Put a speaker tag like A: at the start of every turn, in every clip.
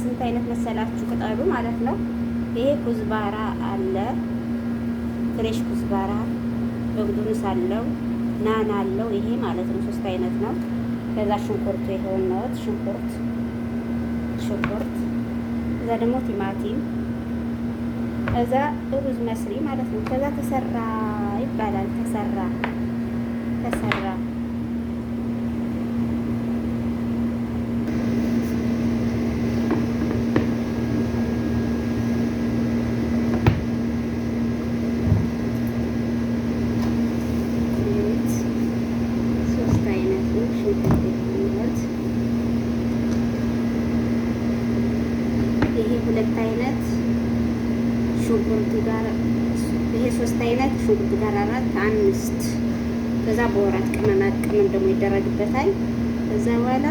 A: ስንት አይነት መሰላችሁ ቅጠሉ ማለት ነው። ይሄ ኩዝባራ አለ፣ ፍሬሽ ኩዝባራ በግዱንስ አለው፣ ናና አለው። ይሄ ማለት ነው ሶስት አይነት ነው። ከዛ ሽንኩርቱ ይሄውን ነው ሽንኩርት ሽንኩርት፣ ከዛ ደግሞ ቲማቲም፣ ከዛ ሩዝ መስሪ ማለት ነው። ከዛ ተሰራ ይባላል። ተሰራ ተሰራ በሶስት ከዛ በወራት ቅመማ ቅመም ደግሞ ይደረግበታል። ከዛ በኋላ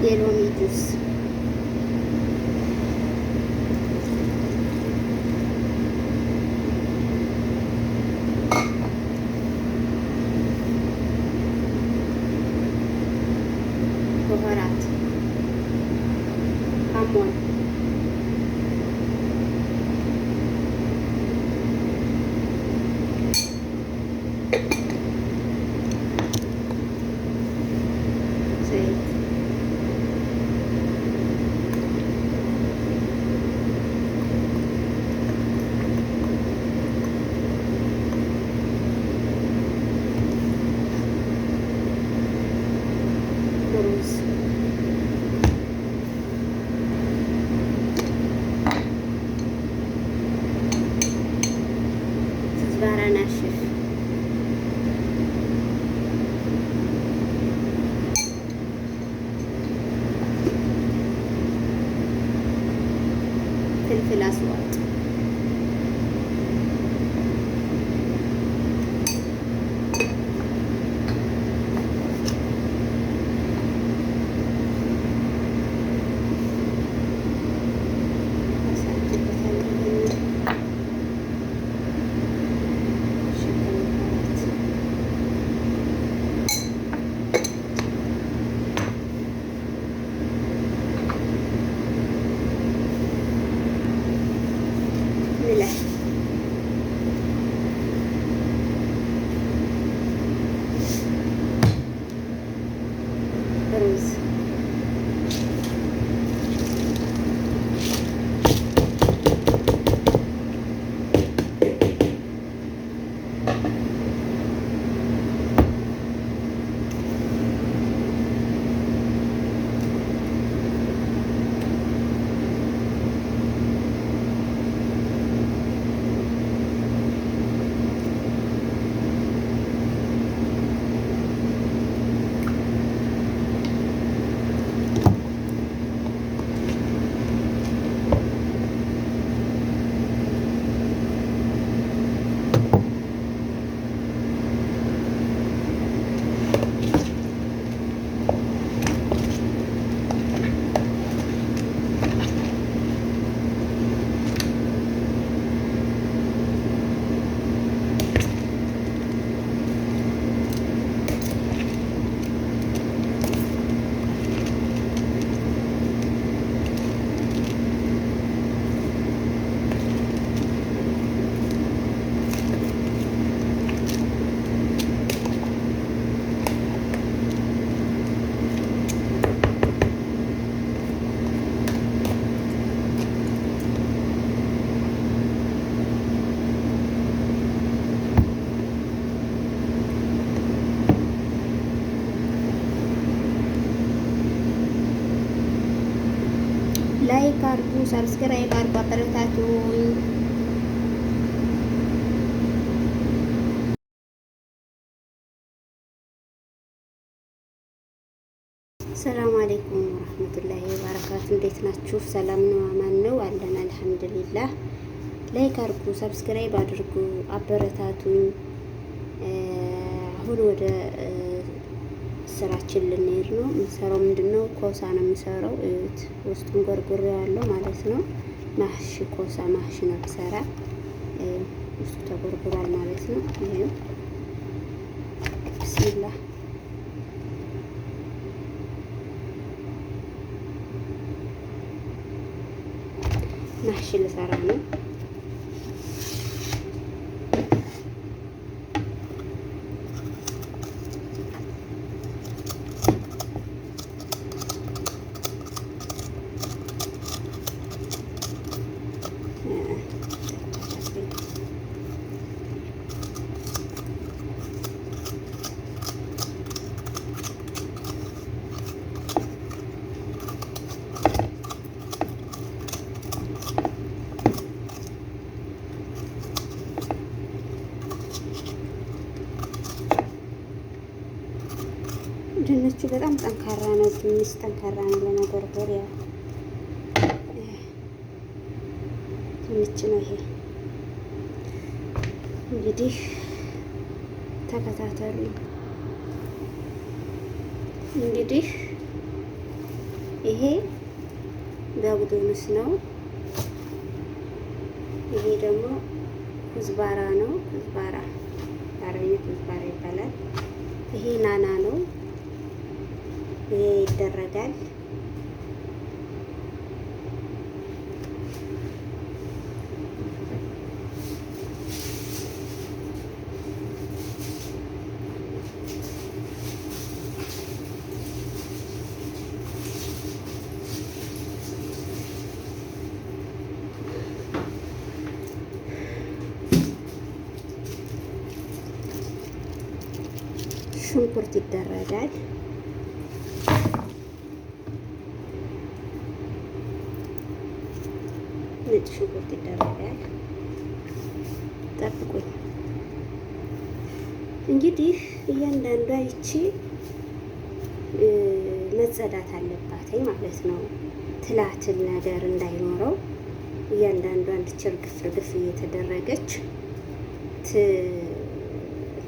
A: need this. Bye. su ላይክ አድርጉ፣ ሰብስክራይብ አድርጉ፣ አበረታቱኝ። ሰላም አለይኩም ወራህመቱላሂ ወበረካቱ። እንዴት ናችሁ? ሰላም ነው? አማን ነው አለን። አልሐምዱሊላህ። ላይክ አድርጉ፣ ሰብስክራይብ አድርጉ፣ አበረታቱኝ። አሁን ወደ ስራችን ልንሄድ ነው። የምንሰራው ምንድን ነው? ኮሳ ነው የምሰራው። እዩት፣ ውስጡን ጎርጉሬ ያለው ማለት ነው። ማሽ ኮሳ ማሽ ነው ብሰራ ውስጡ ተጎርጉሯል ማለት ነው። ይሄ ብስሚላ ማሽ ልሰራ ነው። ጠንካራ ነው፣ ትንሽ ጠንካራ ነው ለመጎርጎር። ያው ትንሽ ነው ይሄ። እንግዲህ ተከታተሉ። እንግዲህ ይሄ በግዶንስ ነው። ይሄ ደግሞ ኩዝባራ ነው። ኩዝባራ አረኝ ኩዝባራ ይባላል። ይሄ ናና ነው። ይደረጋል። ሽንኩርት ይደረጋል። ነጭ ሽንኩርት ይደረጋል። ጠብቁኝ። እንግዲህ እያንዳንዷ ይቺ መጸዳት አለባት ማለት ነው። ትላትል ነገር እንዳይኖረው እያንዳንዷ እንድችር ግፍ ርግፍ እየተደረገች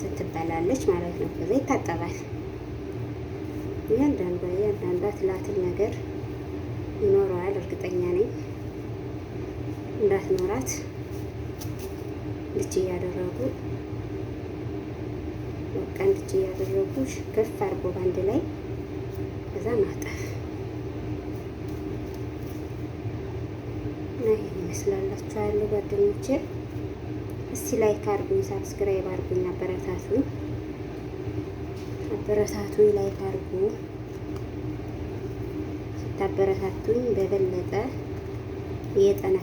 A: ትትበላለች ማለት ነው። ከዛ ይታጠባል። እያንዳንዷ እያንዳንዷ ትላትል ነገር ይኖረዋል፣ እርግጠኛ ነኝ። እንዳትኖራት ልጅ እያደረጉ ወቃን ልጅ እያደረጉ ከፍ አድርጎ በአንድ ላይ እዛ ማጠፍ እና ይህን ይመስላላችሁ ያሉ ጓደኞቼ። እስቲ ላይክ አድርጉኝ፣ ሳብስክራይብ አድርጉኝ፣ አበረታቱኝ አበረታቱ፣ ላይክ አርጉ። ስታበረታቱኝ በበለጠ የጠና